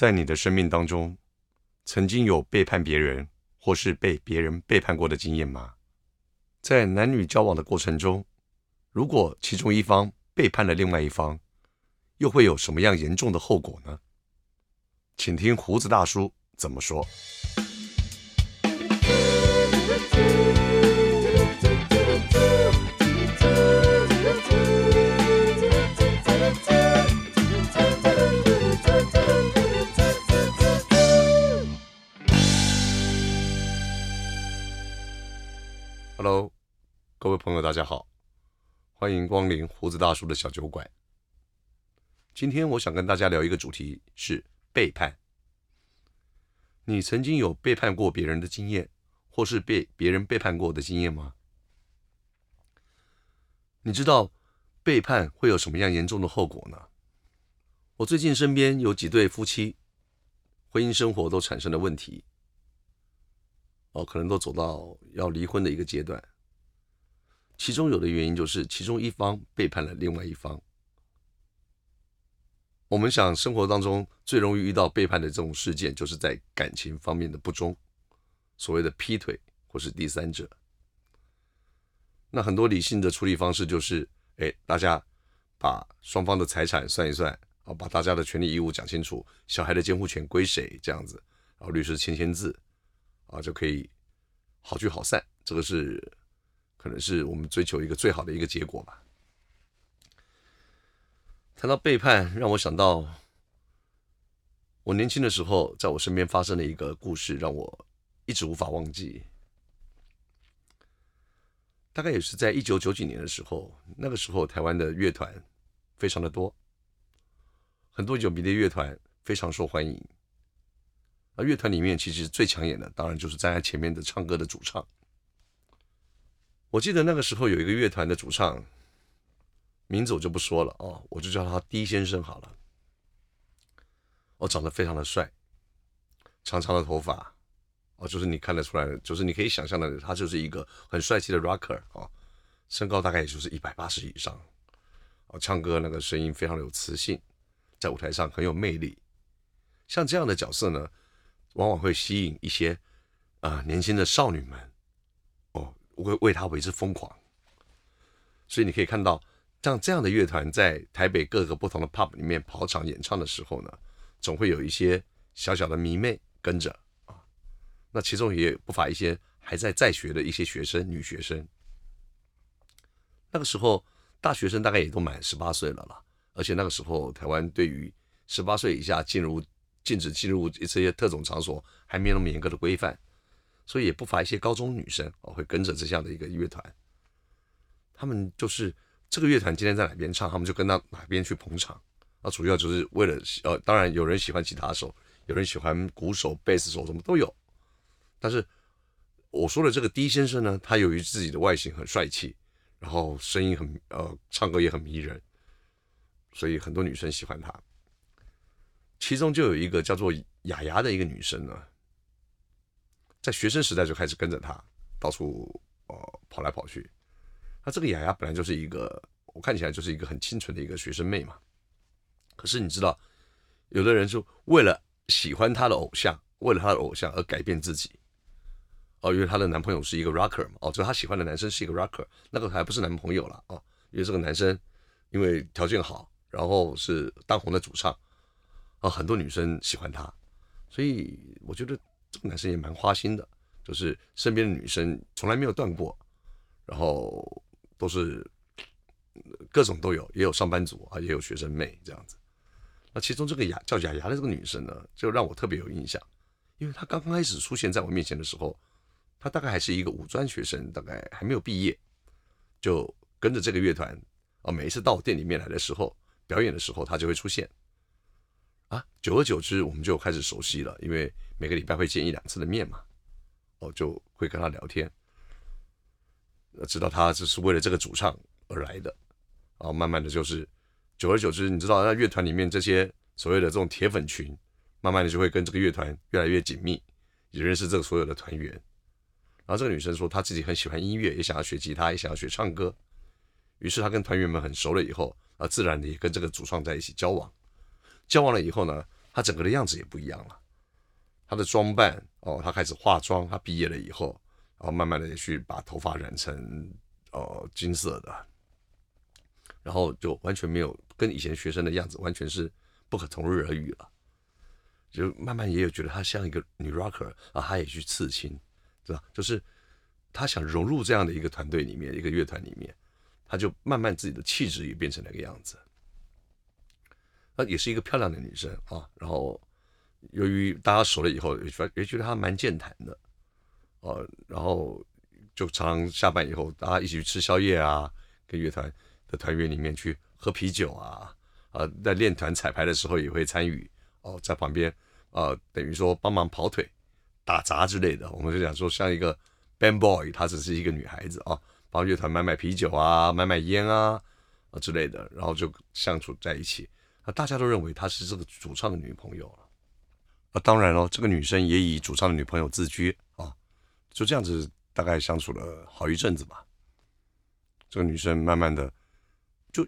在你的生命當中，曾經有背叛別人，或是被別人背叛過的經驗嗎？在男女交往的過程中，如果其中一方背叛了另外一方，又會有什麼樣嚴重的後果呢？請聽鬍子大叔怎麼說。Hello，各位朋友，大家好，歡迎光臨鬍子大叔的小酒館。今天我想跟大家聊一個主題，是背叛。你曾經有背叛過別人的經驗，或是被別人背叛過的經驗嗎？你知道背叛會有什麼樣嚴重的後果呢？我最近身邊有幾對夫妻，婚姻生活都產生了問題。可能都走到要離婚的一個階段，其中有的原因就是其中一方背叛了另外一方。我們想，生活當中最容易遇到背叛的這種事件，就是在感情方面的不忠，所謂的劈腿或是第三者。那很多理性的處理方式就是，哎，大家把雙方的財產算一算，啊，把大家的權利義務講清楚，小孩的監護權歸誰，這樣子，然後律師簽簽字。啊，就可以好聚好散，這個是可能是我們追求一個最好的一個結果吧。談到背叛，讓我想到我年輕的時候，在我身邊發生的一個故事，讓我一直無法忘記。大概也是在一九九幾年的時候，那個時候台灣的樂團非常的多，很多有名的樂團非常受歡迎。樂團裡面其實最搶眼的，當然就是站在前面的唱歌的主唱。我記得那個時候有一個樂團的主唱，名字我就不說了哦，我就叫他 D 先生好了。哦，長得非常的帥，長長的頭髮，哦，就是你看得出來，就是你可以想象的，他就是一個很帥氣的 Rocker 哦，身高大概也就是一百八十以上，哦，唱歌那個聲音非常的有磁性，在舞台上很有魅力。像這樣的角色呢，往往會吸引一些，啊、呃，年輕的少女們，哦，會為，為他為之瘋狂。所以你可以看到，像這樣的樂團在台北各個不同的 pub 裡面跑場演唱的時候呢，總會有一些小小的迷妹跟着啊。那其中也不乏一些還在在學的一些學生女學生。那個時候大學生大概也都滿十八歲了啦，而且那個時候台灣對於十八歲以下進入。禁止進入這些特種場所，還沒那麼嚴格的規範，所以也不乏一些高中女生會跟着這樣的一個樂團。他們就是這個樂團今天在哪邊唱，他們就跟到哪邊去捧場。那主要就是為了呃，當然有人喜歡吉他手，有人喜歡鼓手、貝斯手，什麼都有。但是我說的這個 D 先生呢，他由於自己的外形很帥氣，然後聲音很呃，唱歌也很迷人，所以很多女生喜歡他。其中就有一個叫做雅雅的一個女生呢，在學生時代就開始跟着他到處呃跑來跑去。她這個雅雅本來就是一個我看起來就是一個很清純的一個學生妹嘛。可是你知道，有的人就為了喜歡他的偶像，為了他的偶像而改變自己。哦，因為她的男朋友是一個 rocker 嘛，哦，就她喜歡的男生是一個 rocker，那個還不是男朋友了哦，啊，因為這個男生因為條件好，然後是當紅的主唱。啊，很多女生喜歡他，所以我覺得這個男生也蠻花心的，就是身邊的女生從來沒有斷過，然後都是各種都有，也有上班族啊，也有學生妹這樣子。那、啊、其中這個牙，叫雅雅的這個女生呢，就讓我特別有印象，因為她剛剛開始出現在我面前的時候，她大概還是一個五專學生，大概還沒有畢業，就跟着這個樂團啊，每一次到我店裡面來的時候，表演的時候，她就會出現。啊，久而久之，我們就開始熟悉了，因為每個禮拜會見一兩次的面嘛，哦，就會跟他聊天，知道他是為了這個主唱而來的，然後慢慢的，就是，久而久之，你知道，那樂團裡面這些所謂的這種鐵粉群，慢慢的就會跟這個樂團越來越緊密，也認識這個所有的團員，然後這個女生說她自己很喜歡音樂，也想要學吉他，也想要學唱歌，於是她跟團員們很熟了以後，啊，自然的也跟這個主唱在一起交往。教完了以後呢，他整個的樣子也不一樣了，他的裝扮哦，他開始化妝，他畢業了以後，然後慢慢的也去把頭髮染成哦、呃、金色的，然後就完全沒有跟以前學生的樣子完全是不可同日而語了，就慢慢也有覺得他像一個女 rocker 啊，他也去刺青，對吧？就是他想融入這樣的一個團隊裡面，一個樂團裡面，他就慢慢自己的氣質也變成那個樣子。她也是一個漂亮的女生啊，然後由於大家熟了以後，也覺得她蠻健談的，呃，然後就常常下班以後，大家一起去吃宵夜啊，跟樂團的團員裡面去喝啤酒啊，呃，在練團彩排的時候也會參與，哦、呃，在旁邊，呃，等於說幫忙跑腿、打雜之類的。我們就講說像一個 band boy，她只是一個女孩子啊，幫樂團買買啤酒啊，買買煙啊，啊之類的，然後就相處在一起。大家都認為她是這個主唱的女朋友了。那、啊、當然了、哦、這個女生也以主唱的女朋友自居啊，就這樣子大概相處了好一陣子吧。這個女生慢慢的就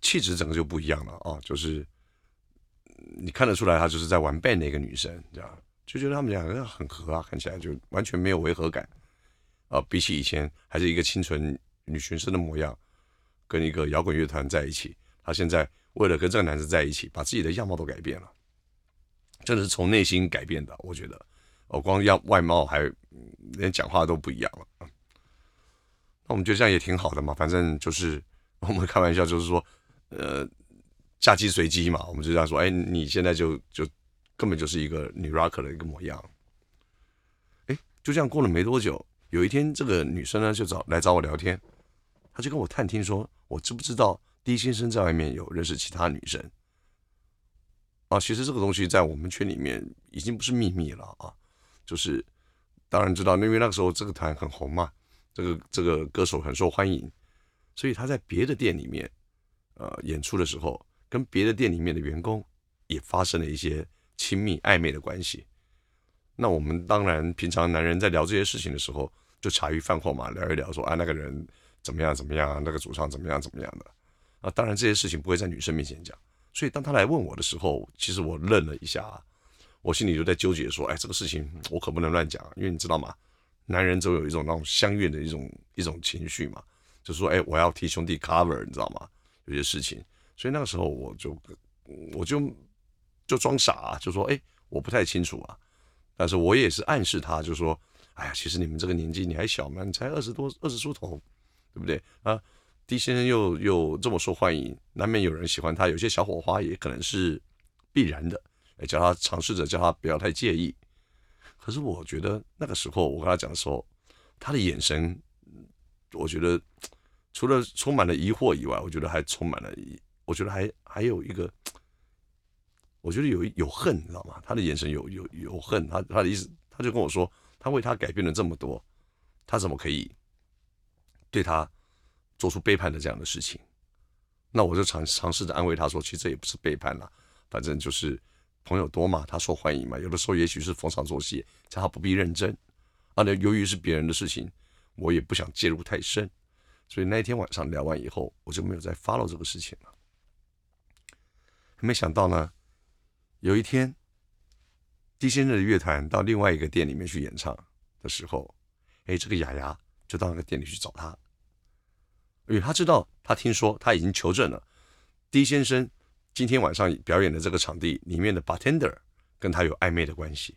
氣質整個就不一樣了啊，就是你看得出來，她就是在玩 band 的一個女生，這樣，就覺得他們兩個很合啊，看起來就完全沒有違和感啊。比起以前，還是一個清純女學生的模樣，跟一個搖滾樂團在一起，她現在。為了跟這個男生在一起，把自己的樣貌都改變了，真的是從內心改變的。我覺得，哦，光要外貌還，連講話都不一樣了。那我們覺得這樣也挺好的嘛，反正就是我們開玩笑，就是說，呃，嫁雞隨雞嘛。我們就這樣說，哎，你現在就就根本就是一個女 rock 的一個模樣。哎，就這樣過了沒多久，有一天這個女生呢就找來找我聊天，她就跟我探聽說我知不知道。李先生在外面有認識其他女生，啊，其實這個東西在我們圈裡面已經不是秘密了啊，就是當然知道，因為那個時候這個團很紅嘛，這個這個歌手很受歡迎，所以他在別的店裡面，呃，演出的時候跟別的店裡面的員工也發生了一些親密曖昧的關係。那我們當然平常男人在聊這些事情的時候，就茶餘飯後嘛聊一聊說，說啊那個人怎麼樣怎麼樣，那個主唱怎麼樣怎麼樣的。啊、當然，這些事情不會在女生面前講。所以當她來問我的時候，其實我愣了一下，啊，我心裡就在糾結，說：“哎，這個事情我可不能亂講，啊，因為你知道嗎？男人總有一種那種相悅的一種一種情緒嘛，就是說，哎，我要替兄弟 cover，你知道嗎？有些事情。”所以那個時候我就我就就裝傻，啊，就說：“哎，我不太清楚啊。”但是我也是暗示她，就說：“哎呀，其實你們這個年紀你還小嘛，你才二十多，二十出頭，對不對啊？”狄先生又又這麼受歡迎，難免有人喜歡他。有些小火花也可能是必然的。哎，叫他嘗試着，叫他不要太介意。可是我覺得那個時候，我跟他講的時候，他的眼神，我覺得除了充滿了疑惑以外，我覺得還充滿了，我覺得還還有一個，我覺得有有恨，你知道嗎？他的眼神有有有恨。他他的意思，他就跟我說，他為他改變了這麼多，他怎麼可以對他？做出背叛的這樣的事情，那我就嘗嘗試着安慰他說，其實這也不是背叛啦，反正就是朋友多嘛，他受歡迎嘛，有的時候也許是逢場作戲，叫他不必認真。啊，那由於是別人的事情，我也不想介入太深，所以那一天晚上聊完以後，我就沒有再 follow 這個事情了。沒想到呢，有一天，D 先生的樂團到另外一個店裡面去演唱的時候，哎，這個雅雅就到那個店裡去找他。因為他知道，他聽說，他已經求證了。狄先生今天晚上表演的這個場地裡面的 bartender 跟他有曖昧的關係，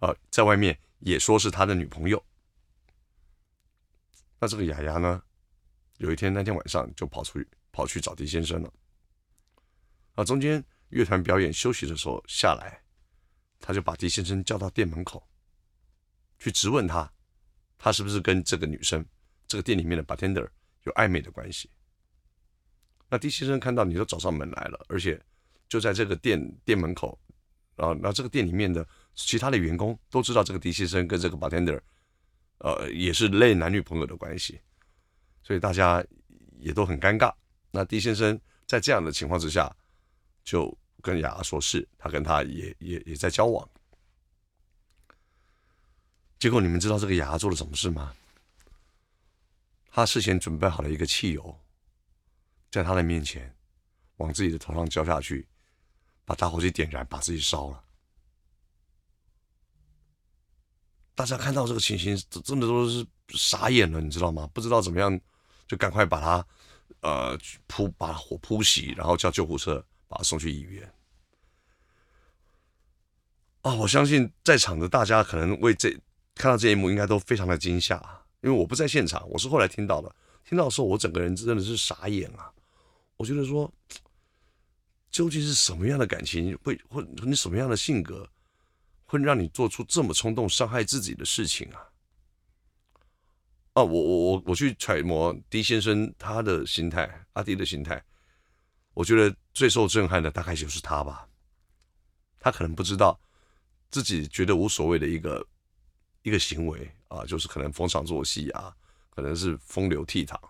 啊、呃，在外面也說是他的女朋友。那這個雅雅呢，有一天那天晚上就跑出去跑去找狄先生了。啊，中間樂團表演休息的時候下來，他就把狄先生叫到店門口，去質問他，他是不是跟這個女生，這個店裡面的 bartender。有曖昧的關係，那狄先生看到你都找上門來了，而且就在這個店店門口，啊、呃，那這個店裡面的其他的員工都知道這個狄先生跟這個 bartender，呃，也是類男女朋友的關係，所以大家也都很尷尬。那狄先生在這樣的情況之下，就跟雅雅說是他跟他也也也在交往，結果你們知道這個雅雅做了什麼事嗎？他事先準備好了一個汽油，在他的面前往自己的頭上澆下去，把打火機點燃，把自己燒了。大家看到這個情形，真的都是傻眼了，你知道嗎？不知道怎麼樣，就趕快把他，呃，去撲把火撲熄，然後叫救護車把他送去醫院。啊，我相信在場的大家可能為這看到這一幕，應該都非常的驚嚇。因為我不在現場，我是後來聽到的。聽到的時候，我整個人真的是傻眼啊！我覺得說，究竟是什麼樣的感情，會會你什麼樣的性格，會讓你做出這麼衝動、傷害自己的事情啊？啊，我我我我去揣摩狄先生他的心態，阿迪的心態，我覺得最受震撼的大概就是他吧。他可能不知道自己覺得無所謂的一個一個行為。啊，就是可能逢場作戲啊，可能是風流倜儻啊，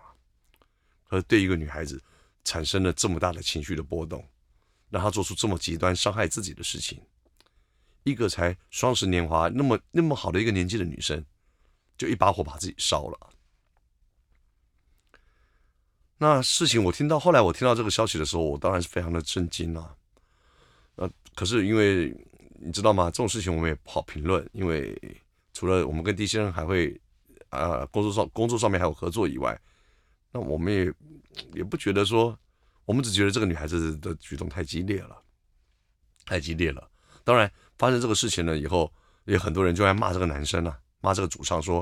可是對一個女孩子產生了這麼大的情緒的波動，讓她做出這麼極端傷害自己的事情。一個才雙十年華，那麼那麼好的一個年紀的女生，就一把火把自己燒了。那事情我聽到，後來我聽到這個消息的時候，我當然是非常的震驚啊。呃，可是因為你知道嗎？這種事情我們也不好評論，因為。除了我們跟李先生還會，呃，工作上工作上面還有合作以外，那我們也也不覺得說，我們只覺得這個女孩子的舉動太激烈了，太激烈了。當然發生這個事情了以後，有很多人就愛罵這個男生了，啊，罵這個主唱說，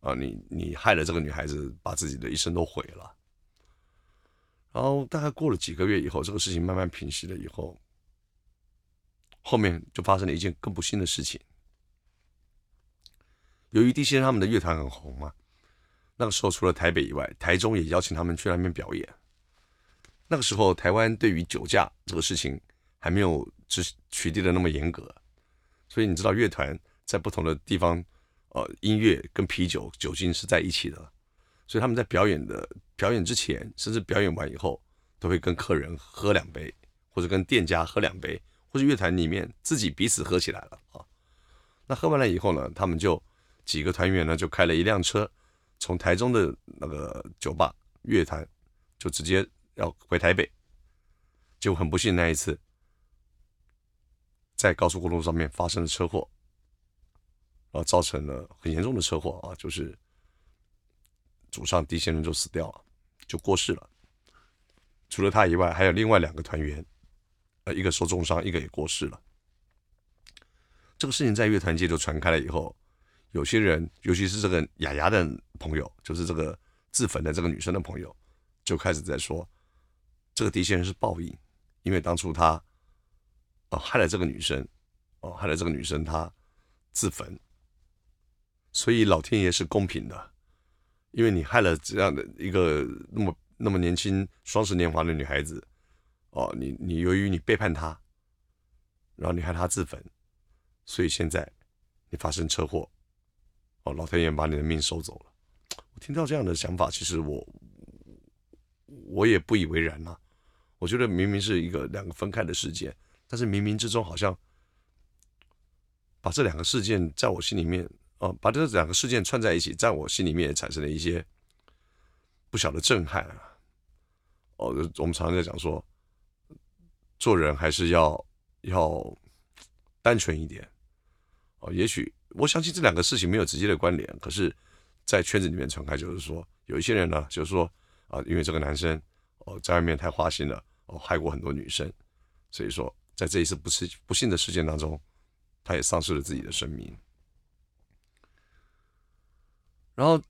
啊、呃，你你害了這個女孩子，把自己的一生都毀了。然後大概過了幾個月以後，這個事情慢慢平息了以後，後面就發生了一件更不幸的事情。由於地心他們的樂團很紅嘛，那個時候除了台北以外，台中也邀請他們去那邊表演。那個時候台灣對於酒駕這個事情還沒有就是取締的那麼嚴格，所以你知道樂團在不同的地方，呃，音樂跟啤酒酒精是在一起的，所以他們在表演的表演之前，甚至表演完以後，都會跟客人喝兩杯，或者跟店家喝兩杯，或者樂團裡面自己彼此喝起來了。那喝完了以後呢，他們就。幾個團員呢，就開了一輛車，從台中的那個酒吧樂團，就直接要回台北，就很不幸那一次，在高速公路上面發生了車禍，然後造成了很嚴重的車禍啊，就是主唱狄先生就死掉了，就過世了。除了他以外，還有另外兩個團員，呃，一個受重傷，一個也過世了。這個事情在樂團界就傳開了以後。有些人，尤其是這個雅雅的朋友，就是這個自焚的這個女生的朋友，就開始在說，這個狄先是報應，因為當初他，哦、呃，害了這個女生，哦、呃，害了這個女生，她自焚，所以老天爺是公平的，因為你害了這樣的一個那麼那麼年輕、雙十年華的女孩子，哦、呃，你你由於你背叛她，然後你害她自焚，所以現在你發生車禍。哦，老天爺把你的命收走了。我聽到這樣的想法，其實我我也不以為然吶、啊。我覺得明明是一個兩個分開的事件，但是冥冥之中好像把這兩個事件在我心裡面啊、呃，把這兩個事件串在一起，在我心裡面也產生了一些不小的震撼啊。哦、呃，我們常常在講說，做人還是要要單純一點哦、呃，也許。我相信這兩個事情沒有直接的關聯，可是，在圈子裡面傳開，就是說有一些人呢，就是說啊、呃，因為這個男生哦、呃，在外面太花心了，哦、呃，害過很多女生，所以說在這一次不幸不幸的事件當中，他也喪失了自己的生命。然後，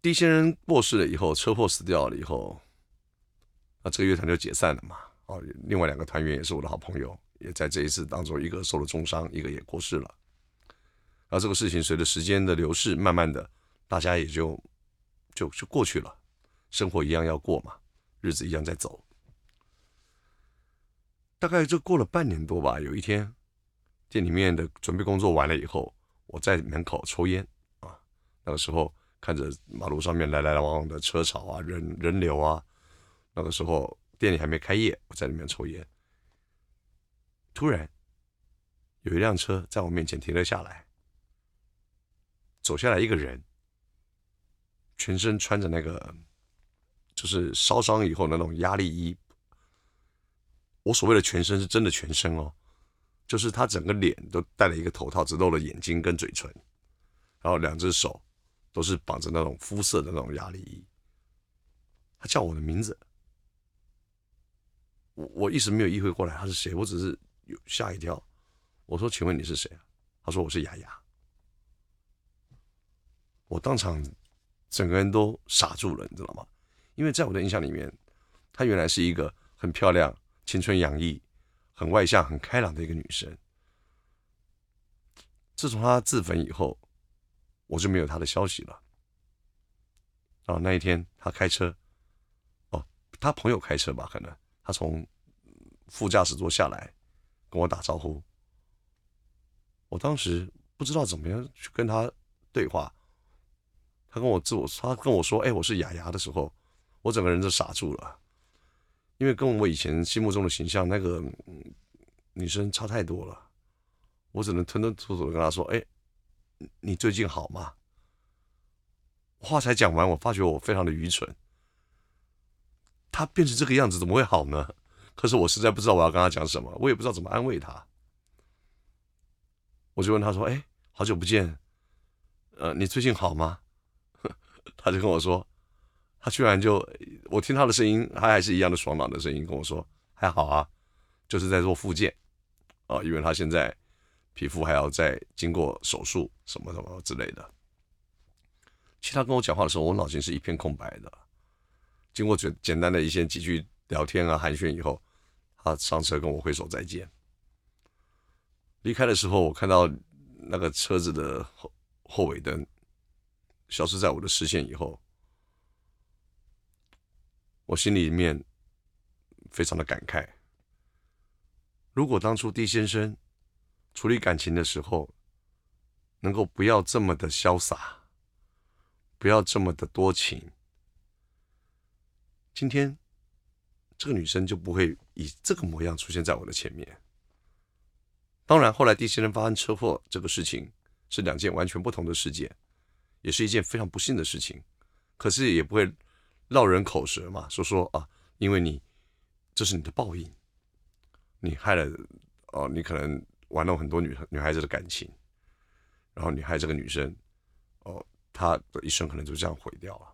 第一些人過世了以後，車禍死掉了以後，啊、呃，這個樂團就解散了嘛。哦、呃，另外兩個團員也是我的好朋友，也在這一次當中，一個受了重傷，一個也過世了。而這個事情隨着時間的流逝，慢慢的，大家也就就就過去了，生活一樣要過嘛，日子一樣在走。大概就過了半年多吧，有一天，店裡面的準備工作完了以後，我在門口抽煙啊，那個時候看着馬路上面來來往往的車潮啊，人人流啊，那個時候店裡還沒開業，我在裡面抽煙，突然，有一輛車在我面前停了下來。走下來一個人，全身穿着那個，就是燒傷以後的那種壓力衣。我所謂的全身是真的全身哦，就是他整個臉都戴了一個頭套，只露了眼睛跟嘴唇，然後兩隻手都是綁着那種膚色的那種壓力衣。他叫我的名字，我我一直沒有意會過來他是誰，我只是有嚇一跳。我說：“請問你是誰啊？”他說：“我是雅雅。”我當場整個人都傻住了，你知道嗎？因為在我的印象裡面，她原來是一個很漂亮、青春洋溢、很外向、很開朗的一個女生。自從她自焚以後，我就沒有她的消息了。然後那一天，她開車，哦，她朋友開車吧，可能她從副駕駛座下來跟我打招呼。我當時不知道怎麼樣去跟她對話。他跟我自我，他跟我說：“哎、欸，我是雅雅的時候，我整個人都傻住了，因為跟我以前心目中的形象那個女生差太多了。我只能吞吞吐吐的跟他說：‘哎、欸，你最近好嗎？’話才講完，我發覺我非常的愚蠢。他變成這個樣子，怎麼會好呢？可是我實在不知道我要跟他講什麼，我也不知道怎麼安慰他。我就問他說：‘哎、欸，好久不見，呃，你最近好嗎？’他就跟我說，他居然就我聽他的聲音，他還是一樣的爽朗的聲音跟我說，還好啊，就是在做復健啊，因為他現在皮膚還要再經過手術什麼什麼之類的。其實他跟我講話的時候，我腦筋是一片空白的。經過簡簡單的一些幾句聊天啊，寒暄以後，他上車跟我揮手再見。離開的時候，我看到那個車子的後後尾燈。消失在我的視線以後，我心裡面非常的感慨。如果當初 D 先生處理感情的時候，能夠不要這麼的瀟灑，不要這麼的多情，今天這個女生就不會以這個模樣出現在我的前面。當然，後來 D 先生發生車禍這個事情是兩件完全不同的事件。也是一件非常不幸的事情，可是也不會落人口舌嘛。說說啊，因為你，這是你的報應，你害了哦、啊，你可能玩弄很多女女孩子的感情，然後你害這個女生哦、啊，她的一生可能就這樣毀掉了。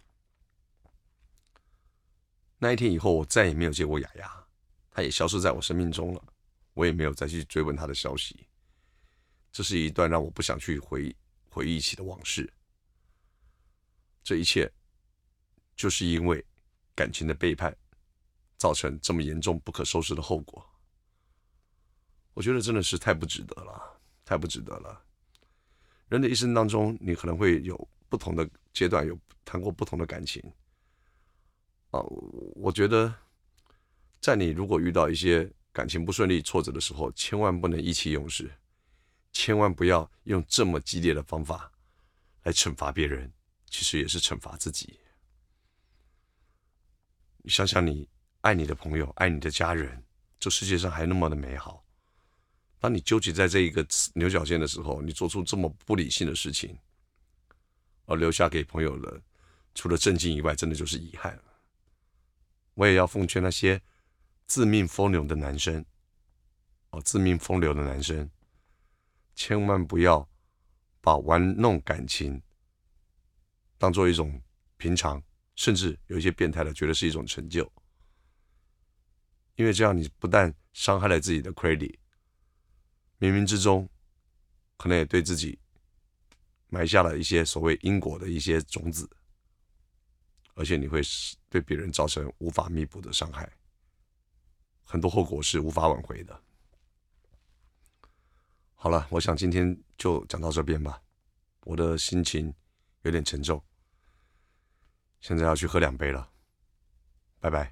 那一天以後，我再也沒有見過雅雅，她也消失在我生命中了，我也沒有再去追問她的消息。這是一段讓我不想去回回憶起的往事。這一切，就是因為感情的背叛，造成這麼嚴重、不可收拾的後果。我覺得真的是太不值得了，太不值得了。人的一生當中，你可能會有不同的階段，有談過不同的感情。啊，我覺得，在你如果遇到一些感情不順利、挫折的時候，千萬不能意氣用事，千萬不要用這麼激烈的方法來懲罰別人。其實也是懲罰自己。你想想你，你愛你的朋友，愛你的家人，這世界上還那麼的美好。當你糾結在這一個牛角尖的時候，你做出這麼不理性的事情，而、哦、留下給朋友的，除了震驚以外，真的就是遺憾。我也要奉勸那些自命風流的男生，哦，自命風流的男生，千萬不要把玩弄感情。當做一種平常，甚至有一些變態的，覺得是一種成就。因為這樣，你不但傷害了自己的 credit，冥冥之中，可能也對自己埋下了一些所謂因果的一些種子，而且你會對別人造成無法彌補的傷害，很多後果是無法挽迴的。好了，我想今天就講到這邊吧，我的心情有點沉重。現在要去喝兩杯了，拜拜。